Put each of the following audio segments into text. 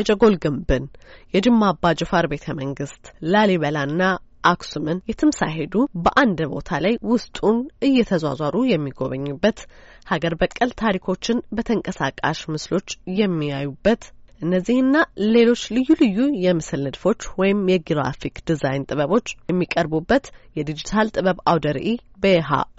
የጀጎል ግንብን፣ የጅማ አባ ጅፋር ቤተ መንግስት፣ ላሊበላና አክሱምን የትም ሳይሄዱ በአንድ ቦታ ላይ ውስጡን እየተዟዟሩ የሚጎበኙበት ሀገር በቀል ታሪኮችን በተንቀሳቃሽ ምስሎች የሚያዩበት እነዚህና ሌሎች ልዩ ልዩ የምስል ንድፎች ወይም የግራፊክ ዲዛይን ጥበቦች የሚቀርቡበት የዲጂታል ጥበብ አውደ ርዕይ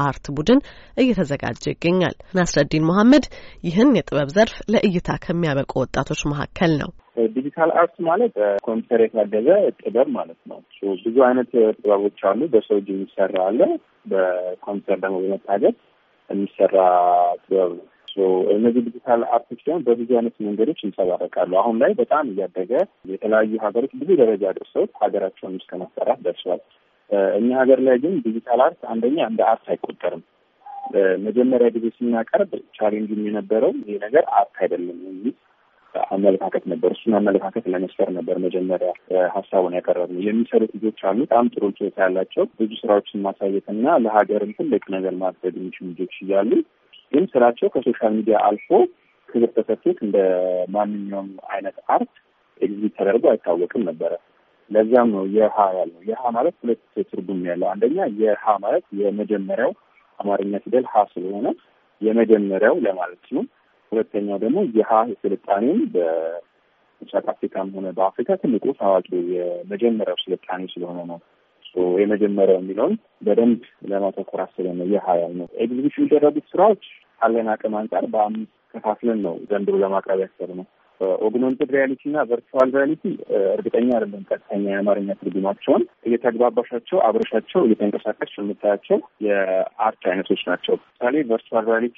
አርት ቡድን እየተዘጋጀ ይገኛል። ናስረዲን መሐመድ ይህን የጥበብ ዘርፍ ለእይታ ከሚያበቁ ወጣቶች መካከል ነው። ዲጂታል አርት ማለት ኮምፒውተር የታገዘ ጥበብ ማለት ነው። ብዙ አይነት ጥበቦች አሉ። በሰው እጅ የሚሰራ አለ፣ በኮምፒውተር ደግሞ በመታገዝ የሚሰራ ጥበብ ነው። እነዚህ ዲጂታል አርቶች ደግሞ በብዙ አይነት መንገዶች ይንጸባረቃሉ። አሁን ላይ በጣም እያደገ የተለያዩ ሀገሮች ብዙ ደረጃ ደርሰውት ሀገራቸውን እስከ ማሰራት ደርሰዋል። እኛ ሀገር ላይ ግን ዲጂታል አርት አንደኛ እንደ አርት አይቆጠርም። መጀመሪያ ጊዜ ስናቀርብ ቻሌንጅ የነበረው ይህ ነገር አርት አይደለም የሚል አመለካከት ነበር። እሱን አመለካከት ለመስፈር ነበር መጀመሪያ ሀሳቡን ያቀረብ ነው። የሚሰሩት ልጆች አሉ፣ በጣም ጥሩ ችሎታ ያላቸው ብዙ ስራዎችን ማሳየትና ለሀገርም ትልቅ ነገር ማድረግ የሚችሉ ልጆች እያሉ ግን ስራቸው ከሶሻል ሚዲያ አልፎ ክብር ተሰጥቶት እንደ ማንኛውም አይነት አርት ኤግዚቢት ተደርጎ አይታወቅም ነበረ። ለዚያም ነው የሀ ያለው። የሀ ማለት ሁለት ትርጉም ያለው አንደኛ የሀ ማለት የመጀመሪያው አማርኛ ፊደል ሀ ስለሆነ የመጀመሪያው ለማለት ነው። ሁለተኛው ደግሞ ይሀ የስልጣኔን በምስራቅ አፍሪካም ሆነ በአፍሪካ ትልቁ ታዋቂ የመጀመሪያው ስልጣኔ ስለሆነ ነው። የመጀመሪያው የሚለውን በደንብ ለማተኮር አስበን ነው ይህ ያል ነው። ኤግዚቢሽን የደረጉት ስራዎች ካለን አቅም አንጻር በአምስት ከፋፍለን ነው ዘንድሮ ለማቅረብ ያሰብነው። ኦግመንትድ ሪያሊቲ እና ቨርቹዋል ሪያሊቲ እርግጠኛ አይደለም ቀጥተኛ የአማርኛ ትርጉማቸውን። እየተግባባሻቸው አብረሻቸው እየተንቀሳቀስሽ የምታያቸው የአርት አይነቶች ናቸው። ምሳሌ ቨርቹዋል ሪያሊቲ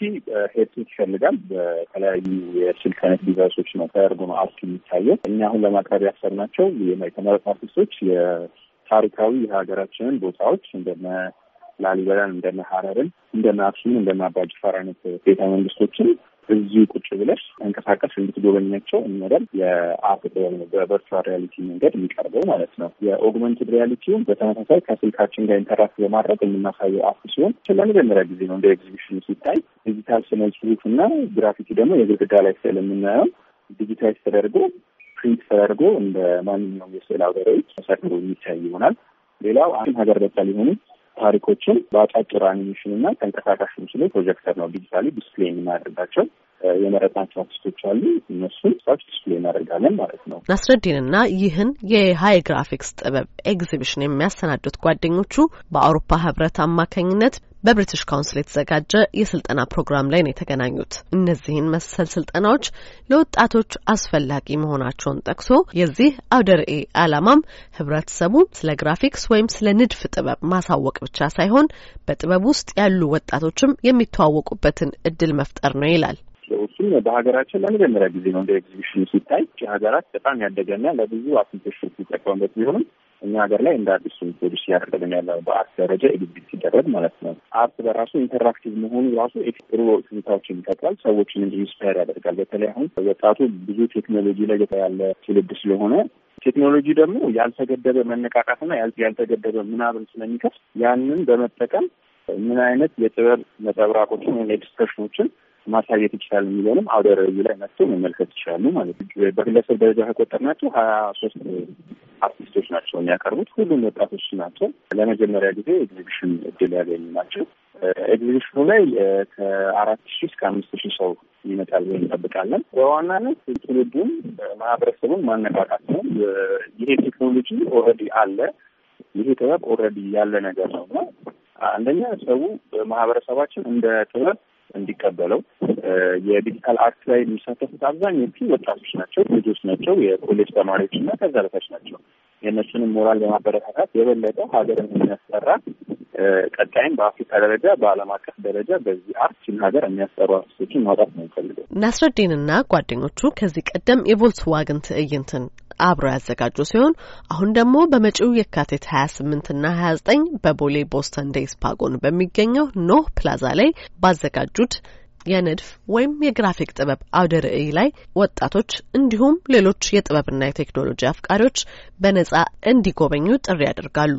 ሄድሴት ይፈልጋል። በተለያዩ የስልክ አይነት ዲቫይሶች ነው ተደርጎ ነው አርት የሚታየው። እኛ አሁን ለማቅረብ ያሰብናቸው የተመረጡ አርቲስቶች የታሪካዊ የሀገራችንን ቦታዎች እንደነ ላሊበላን እንደነ ሐረርን እንደነ አክሱምን እንደነ አባጅፋር አይነት ቤተ መንግስቶችን እዚሁ ቁጭ ብለሽ መንቀሳቀስ እንድትጎበኛቸው እንመደል የአፕ በቨርቹዋል ሪያሊቲ መንገድ የሚቀርበው ማለት ነው። የኦግመንትድ ሪያሊቲውን በተመሳሳይ ከስልካችን ጋር ኢንተራክት በማድረግ የምናሳየው አፕ ሲሆን ለመጀመሪያ ጊዜ ነው እንደ ኤግዚቢሽን ሲታይ ዲጂታል ስነ ጽሁፍ እና ግራፊቲ ደግሞ የግድግዳ ላይ ስዕል የምናየው ዲጂታይዝ ተደርጎ ፕሪንት ተደርጎ እንደ ማንኛውም የስዕል አውታሮች ተሰርቶ የሚታይ ይሆናል። ሌላው አንድ ሀገር በቀል የሆኑ ታሪኮችን በአጫጭር አኒሜሽን እና ተንቀሳቃሽ ምስሎች ፕሮጀክተር ነው ዲጂታሊ ዲስፕሌይ የምናደርጋቸው የመረጥናቸው አርቲስቶች አሉ። እነሱን ሰዎች ዲስፕሌይ እናደርጋለን ማለት ነው። ናስረዲንና ይህን የሀይ ግራፊክስ ጥበብ ኤግዚቢሽን የሚያሰናዱት ጓደኞቹ በአውሮፓ ህብረት አማካኝነት በብሪቲሽ ካውንስል የተዘጋጀ የስልጠና ፕሮግራም ላይ ነው የተገናኙት። እነዚህን መሰል ስልጠናዎች ለወጣቶች አስፈላጊ መሆናቸውን ጠቅሶ የዚህ አውደ ርዕይ ዓላማም ህብረተሰቡ ስለ ግራፊክስ ወይም ስለ ንድፍ ጥበብ ማሳወቅ ብቻ ሳይሆን በጥበብ ውስጥ ያሉ ወጣቶችም የሚተዋወቁበትን እድል መፍጠር ነው ይላል። ኤግዚቢሽን በሀገራችን ለመጀመሪያ ጊዜ ነው እንደ ኤግዚቢሽን ሲታይ። ሀገራት በጣም ያደገና ለብዙ አፕሊኬሽኖች ሲጠቀሙበት ቢሆንም እኛ ሀገር ላይ እንደ አዲሱ ፖሊሲ ያደረግን ያለ በአርት ደረጃ ኤግዚቢት ሲደረግ ማለት ነው። አርት በራሱ ኢንተራክቲቭ መሆኑ ራሱ ጥሩ ትዝታዎችን ይፈጥራል፣ ሰዎችንም ኢንስፓየር ያደርጋል። በተለይ አሁን ወጣቱ ብዙ ቴክኖሎጂ ላይ ያለ ትውልድ ስለሆነ ቴክኖሎጂ ደግሞ ያልተገደበ መነቃቃትና ያልተገደበ ምናብን ስለሚከፍት ያንን በመጠቀም ምን አይነት የጥበብ ነጸብራቆችን ወይም ኤክስፕሬሽኖችን ማሳየት ይችላል የሚለውንም አውደ ርዕዩ ላይ መጥቶ መመልከት ይችላሉ ማለት ነው። በግለሰብ ደረጃ ከቆጠርናቸው ሀያ ሶስት አርቲስቶች ናቸው የሚያቀርቡት። ሁሉም ወጣቶች ናቸው። ለመጀመሪያ ጊዜ ኤግዚቢሽን እድል ያገኙ ናቸው። ኤግዚቢሽኑ ላይ ከአራት ሺህ እስከ አምስት ሺህ ሰው ይመጣል ወይ እንጠብቃለን። በዋናነት ትውልዱን ማህበረሰቡን ማነቃቃት ነው። ይሄ ቴክኖሎጂ ኦልሬዲ አለ። ይሄ ጥበብ ኦልሬዲ ያለ ነገር ነው እና አንደኛ ሰው ማህበረሰባችን እንደ ጥበብ እንዲቀበለው የዲጂታል አክት ላይ የሚሳተፉት አብዛኞቹ ወጣቶች ናቸው፣ ልጆች ናቸው፣ የኮሌጅ ተማሪዎች እና ከዛ በታች ናቸው። የእነሱንም ሞራል ለማበረታታት የበለጠ ሀገርን የሚያስጠራ ቀጣይም በአፍሪካ ደረጃ በዓለም አቀፍ ደረጃ በዚህ አርችን ሀገር የሚያስጠሩ አርቲስቶችን ማውጣት ነው የሚፈልገው። ናስረዲንና ጓደኞቹ ከዚህ ቀደም የቮልስዋግን ትዕይንትን አብረው ያዘጋጁ ሲሆን አሁን ደግሞ በመጪው የካቲት 28ና 29 በቦሌ ቦስተን ዴይስ ፓጎን በሚገኘው ኖህ ፕላዛ ላይ ባዘጋጁት የንድፍ ወይም የግራፊክ ጥበብ አውደ ርዕይ ላይ ወጣቶች እንዲሁም ሌሎች የጥበብና የቴክኖሎጂ አፍቃሪዎች በነጻ እንዲጎበኙ ጥሪ ያደርጋሉ።